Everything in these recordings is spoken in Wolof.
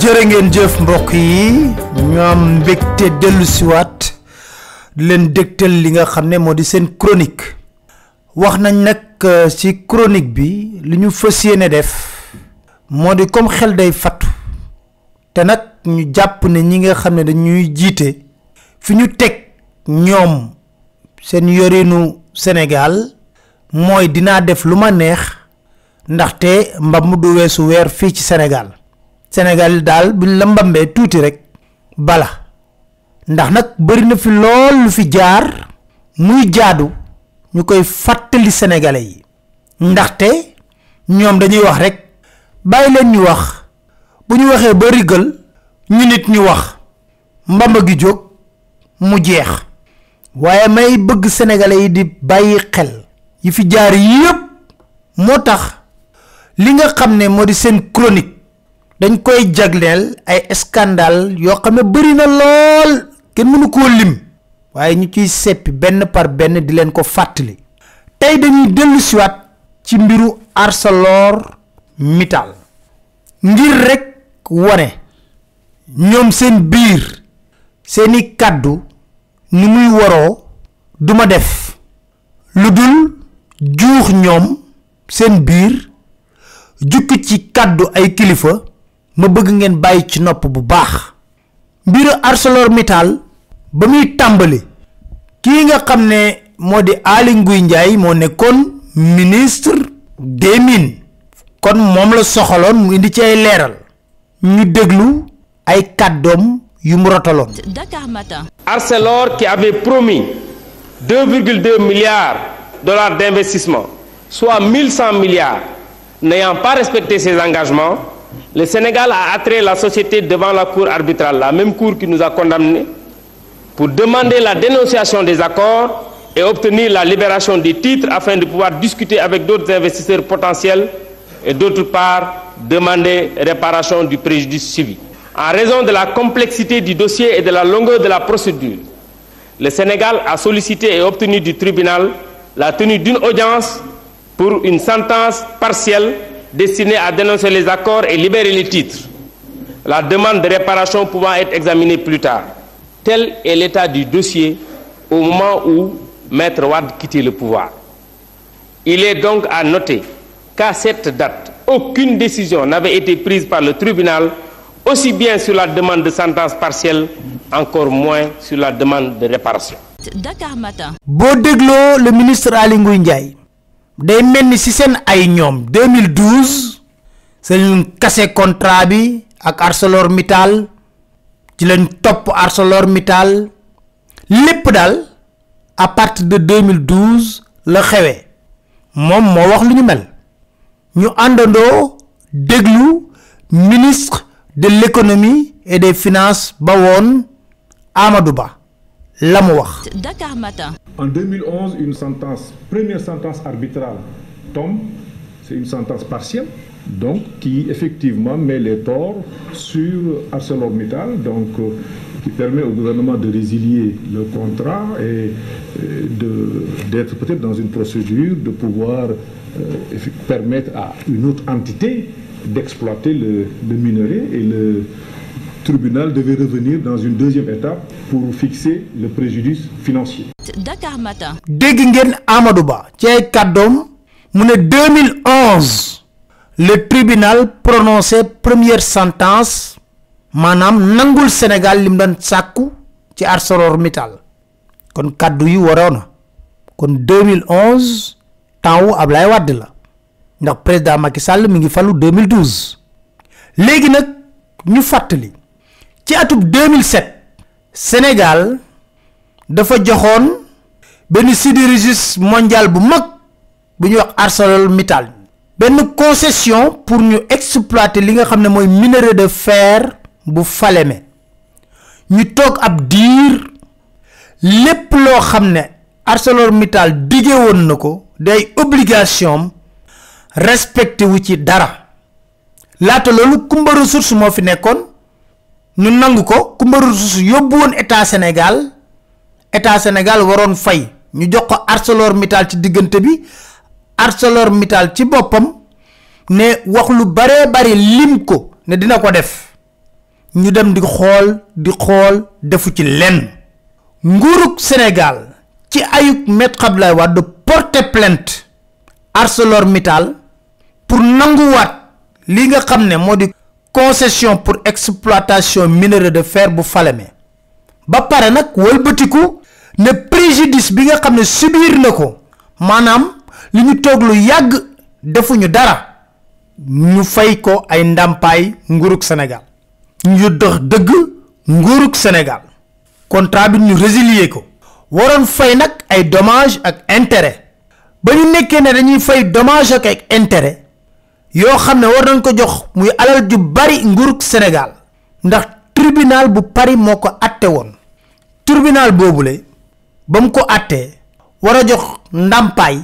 jere ngeen jëf mbokk yi delu mbégte dellu siwaat leen dégtal li nga xam ne moo di chronique wax nañ nag euh, ci chronique bi li ñu fas def moo di comme xel day fattu te nag ñu jàpp ne ñi nga xam ne dañuy jiite fi ñu teg ñoom seen yorinu sénégal mooy dinaa def lu ma neex ndaxte mbam du weesu weer fii ci sénégal Senegal dal bu lëmbambee tu rek bala ndax nak bëri na fi lol lu fi jaar muy jaadu ñukoy fatali fàttali sénégalais yi ndaxte ñom dañuy wax rek bay leen ñu wax bu ñu waxee ba rigal ñu nit ñu wax mbamba gi jog mu jeex waye may bëgg sénégalais yi di bayyi xel yi fi jaar yépp motax li nga ne sen chronique dañ koy jagleel ay scandale yoo xam ne bëri na lool kenn mënu koo lim waaye ñu ciy seppi benn par benn di leen ko fàttali tey dañuy dellu siwaat ci mbiru arcelor mital ngir rek wone ñoom seen biir seeni kàddu ni muy waroo duma def lu dul juux ñoom seen biir jukki ci kàddu ay kilifa ma bëgg ngeen bàyyi ci nopp bu baax mbiru ArcelorMittal ba muy tàmbali kii nga xam ne moo di Aly Ngouille Ndiaye moo ministre des mines kon moom la soxaloon mu indi ci ay leeral ñu déglu ay kàddoom yu mu rotaloon Dakar Matin Arcelor qui avait promis 2,2 milliards de dollars d'investissement soit 1100 milliards n'ayant pas respecté ses engagements le Sénégal a attiré la société devant la cour arbitrale, la même cour qui nous a condamnés, pour demander la dénonciation des accords et obtenir la libération des titres afin de pouvoir discuter avec d'autres investisseurs potentiels et d'autre part demander réparation du préjudice suivi. En raison de la complexité du dossier et de la longueur de la procédure, le Sénégal a sollicité et obtenu du tribunal la tenue d'une audience pour une sentence partielle destiné à dénoncer les accords et libérer les titres, la demande de réparation pouvant être examinée plus tard. Tel est l'état du dossier au moment où Maître Wad quittait le pouvoir. Il est donc à noter qu'à cette date, aucune décision n'avait été prise par le tribunal, aussi bien sur la demande de sentence partielle, encore moins sur la demande de réparation. Dakar Matin. le ministre Alingou day melni ci sen ay ñom 2012 seen kase contrat bi ak ArcelorMittal ci lañ top ArcelorMittal Les dal à partir de 2012 la xewé Mon mo wax lu ñu mel ñu Andando déglu ministre de l'économie et des finances bawone Amadou Ba la wax. Dakar Matin. En 2011, une sentence, première sentence arbitrale tombe, c'est une sentence partielle, donc qui effectivement met les torts sur ArcelorMittal, donc euh, qui permet au gouvernement de résilier le contrat et, euh, d'être peut-être dans une procédure de pouvoir euh, permettre à une autre entité d'exploiter le minerai et le, tribunal devait revenir dans une deuxième étape pour fixer le préjudice financier. Dakar Matin. dégg Amadouba, Amadou Ba 2011 le tribunal prononçait première sentence Manam nangul Sénégal lim doon sàkku ci Mittal. kon kàddu yi waroon kon 2011 temps wu Ablaye Wade la ndax président Macky Sall mi ngi fallu 2012 léegi nag ñu fàttali ci atub 2007 Sénégal dafa joxoon benn sidérurgiste mondial bu mag bu ñuy wax ArcelorMittal benn concession pour ñu exploiter li nga xam ne minerai de fer bu Falémé ñu toog ab diir lépp loo xam ne ArcelorMittal dige woon na ko day obligation respecté wu ci dara laata loolu Kumba Ressources moo fi nekkoon ñu nangu ko ku mbaru susu yobbu won état sénégal état sénégal waron fay ñu jox ko arcelor mital ci digënté bi arcelor mital ci bopam ne wax lu bare bare lim ko ne dina ko def ñu dem di xol di xol defu ci lenn Senegal, sénégal ci ayuk met wa wadd porter plainte arcelor mital pour wat li nga xamné modi concession pour exploitation minerai de fer bu falemé ba paré nak wolbeutiku ne préjudice bi nga xamné subir na Manam maanaam li ñu defuñu dara ñu fay ko ay ndampay nguruk Sénégal ñu dox deug nguurug Sénégal contrat bi ñu résilier ko waroon fay nak ay dommage ak intérêt ba ñu nekkee né dañuy fay dommage ak intérêt yoo xam ne war nañ ko jox muy alal ju bari nguurug Sénégal ndax tribunal bu Paris moo ko àtte woon boobu boobule ba mu ko àttee war a jox ndàmpaay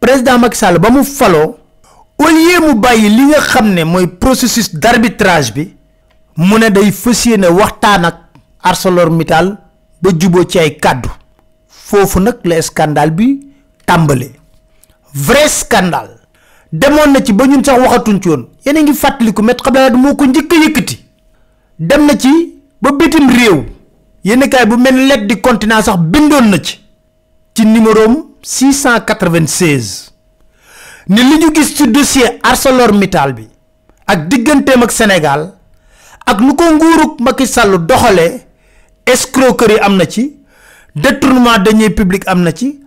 président Macky Sall ba mu faloo au lieu mu bàyyi li nga xam ne mooy processus d'arbitrage bi mu ne day fas yéene waxtaan ak ArcelorMittal ba juboo ci ay kàddu foofu nag la scandale bi tàmbale vrai scandale demoon na ci ba ñun sax waxatuñ ci woon yéen a ngi fàttaliku Maître Abdoulaye Wade moo ko njëkk a yëkkati dem na ci ba bitim réew yéen bu mel let di continent sax bindoon na ci ci numéroom 696 ni li ñu gis ci dossier ArcelorMittal bi ak digganteem ak Sénégal ak nu ko nguurug Macky Sall doxalee escroquerie am na ci détournement deniers publics am na ci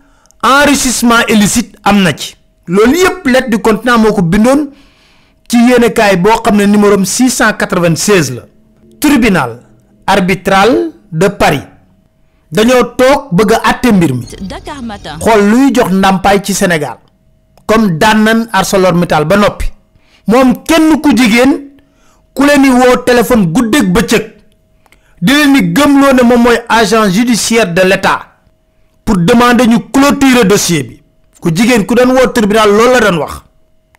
enrichissement illicite am na ci lieu de lettre du continent moo ko ci numéro 696 la. tribunal arbitral de Paris dañoo toog bëgg a mbir luy jox ndàmpaay Sénégal comme daan Je ArcelorMittal ba noppi moom kenn ku jigéen ku leen téléphone a bëccëg di leen ne agent judiciaire de l'État pour demander ñu clôturer dossier ku jigéen ku doon woo tribunal loolu la doon wax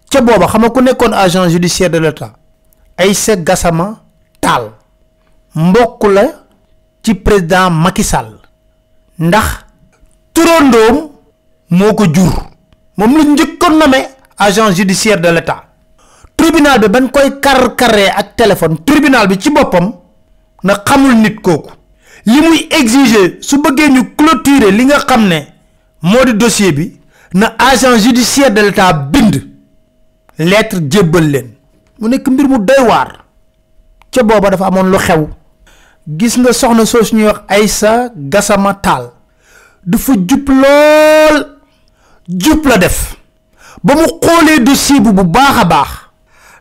ca booba xam nga ku nekkoon agent judiciaire de l'État Aïssa Gassama Tall mbokk la ci président Macky ndax turandoom moo ko jur moom lañ njëkkoon nommé agent judiciaire de l'État tribunal bi bañ koy kar-karee ak téléphone tribunal bi ci boppam na xamul nit kooku li muy exiger su bëggee ñu clôturer li nga xam ne moo di dossier bi na agent judiciaire de l'état bind lettre djebal len mu nek mbir mu doy war ci booba dafa amone lu xew gis nga soxna sos wax Aïssa Gassama la def ba mu dossier bu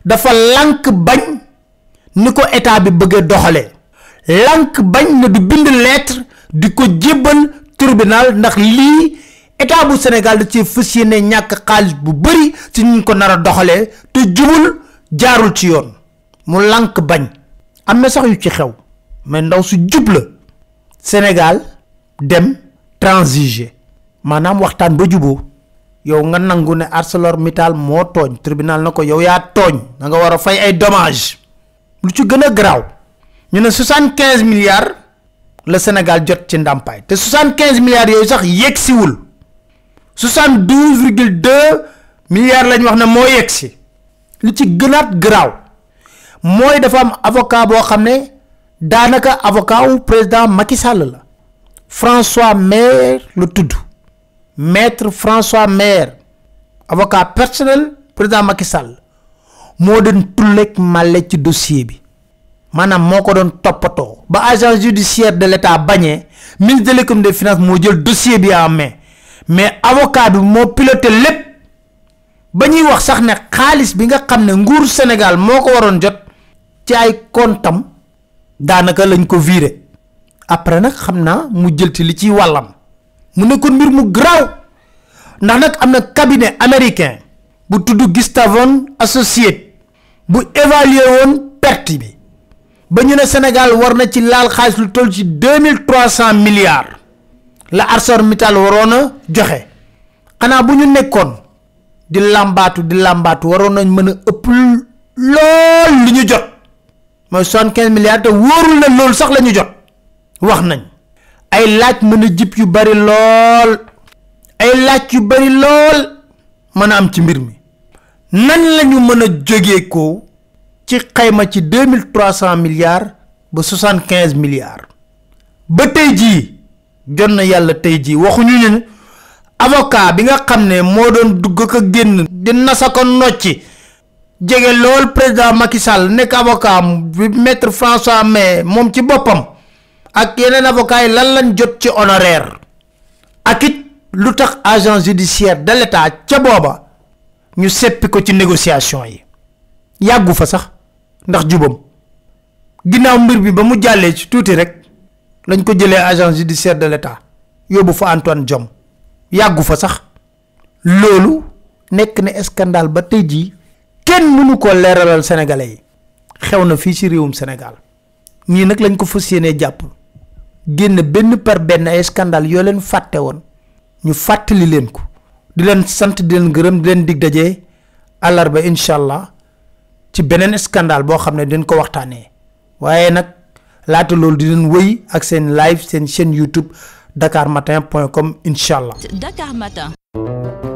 dafa lank bagn niko bi du bind lettre diko tribunal ndax état bu Sénégal da ci fas yéene ñàkk xaalis bu bëri ci ñu ko nar a doxalee te jubul jaarul ci yoon mu lànk bañ am sax yu ci xew mais ndaw su jub la Sénégal dem transiger maanaam waxtaan ba juboo yow nga nangu ne ArcelorMittal moo tooñ tribunal na ko yow yaa tooñ da nga war a fay ay dommages lu ci gën a garaaw ñu ne soixante quinze milliards la Sénégal jot ci ndàmpaay te soixante quinze milliards yooyu sax yegsiwul 72,2 milliards lañ wax ne moo yegg si li ci gënaat garaaw mooy dafa am avocat boo xam ne daanaka avocat wu président Macky Sall François Maire le tudd maître François Maire avocat personnel président Macky Sall moo doon tulleeg màlle ci dossier bi maanaam moo ko doon toppatoo ba agence judiciaire de l'État état bañee ministre de l'économie des finances moo jël dossier bi en main mais avocat bi moo piloté lépp ba ñuy wax sax ne xaalis bi nga xam ne nguur Sénégal moo ko waroon jot ci ay kontam daanaka lañ ko viré après nag xam naa mu jël ci li ci wàllam mu ne ko mbir mu garaaw ndax nag am na cabinet américain bu tudd Gustavon Associates bu évaluer woon perte bi ba ñu ne Sénégal war na ci laal xaalis lu toll ci deux mille trois milliards la ArcelorMittal waroon a joxe xanaa bu ñu nekkoon di làmbaatu di làmbaatu waroon nañ mën a ëpp lool li ñu jot mooy soixante-quinze milliards te wóorul na loolu sax la ñu jot wax nañ ay laaj mën a jib yu bari lool ay laaj yu bari lool mën a am ci mbir mi nan lañu mën a jógee ko ci xayma ci deux mille cent milliards ba soixante-quinze milliards ba tey jii jot na yàlla tey jii waxuñu ne avocat bi nga xam ne moo doon dugg ko génn di nasa ko nocci jege lool président Macky Sall nekk avocat bi maître François mais moom ci boppam ak yeneen avocat yi lan lañ jot ci honoraire ak it lu tax agent judiciaire de l'État ca booba ñu seppi ko ci négociation yi yàggu fa sax ndax jubam ginnaaw mbir bi ba mu jàllee ci tuuti rek lañ ko jëlee agence judiciaire de l'état yóbbu fa antoine jom yàggu fa sax loolu nekk na scandale ba tey jii kenn mënu ko leeralal sénégalais yi xew na fii ci réewum sénégal ñii nag lañ ko fas yéenee jàpp génn benn par benn ay scandale yoo leen fàtte woon ñu fàttali leen ko di leen sant di leen gërëm di leen dig alarba incha allah ci beneen scandale boo xam ne dañ ko waxtaanee waaye nag laata loolu di leen wëy ak seen live seen chaîne YouTube dakar matin point com incha allah. Dakar matin.